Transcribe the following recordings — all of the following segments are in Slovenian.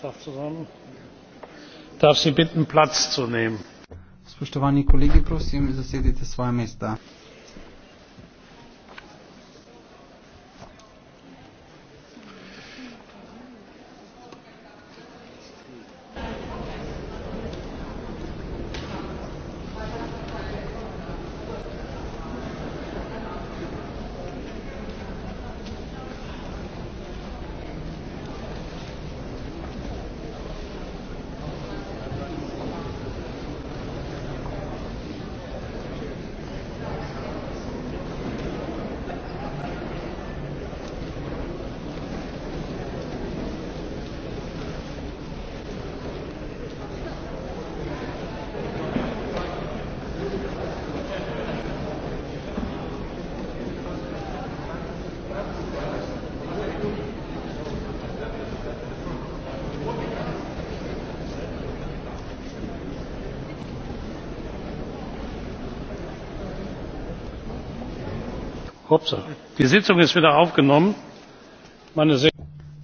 Tag zusammen. Ich darf Sie bitten, Platz zu nehmen. Spoštovani kolegi, prosim, zasedite svoje mesta.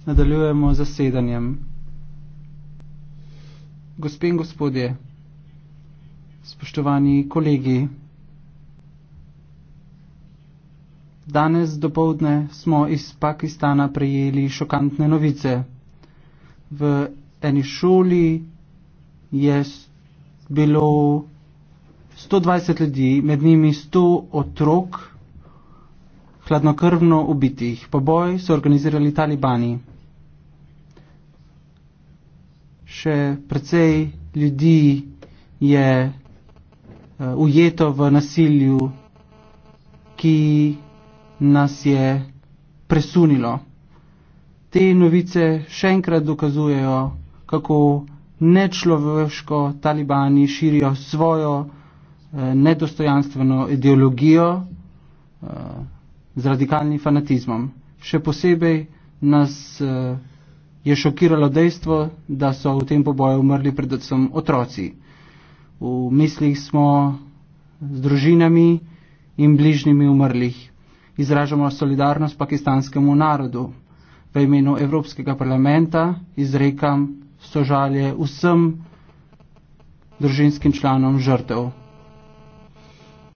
nadaljujemo z zasedanjem gospe in gospodje spoštovani kolegi danes dopoldne smo iz pakistana prejeli šokantne novice v eni šoli je bilo 120 ljudi, med njimi 100 otrok hladnokrvno ubitih. Poboj so organizirali talibani. Še precej ljudi je uh, ujeto v nasilju, ki nas je presunilo. Te novice še enkrat dokazujejo, kako nečloveško talibani širijo svojo uh, nedostojanstveno ideologijo. Uh, z radikalnim fanatizmom. Še posebej nas eh, je šokiralo dejstvo, da so v tem poboju umrli predvsem otroci. V mislih smo z družinami in bližnjimi umrlih. Izražamo solidarnost pakistanskemu narodu. V imenu Evropskega parlamenta izrekam sožalje vsem družinskim članom žrtev.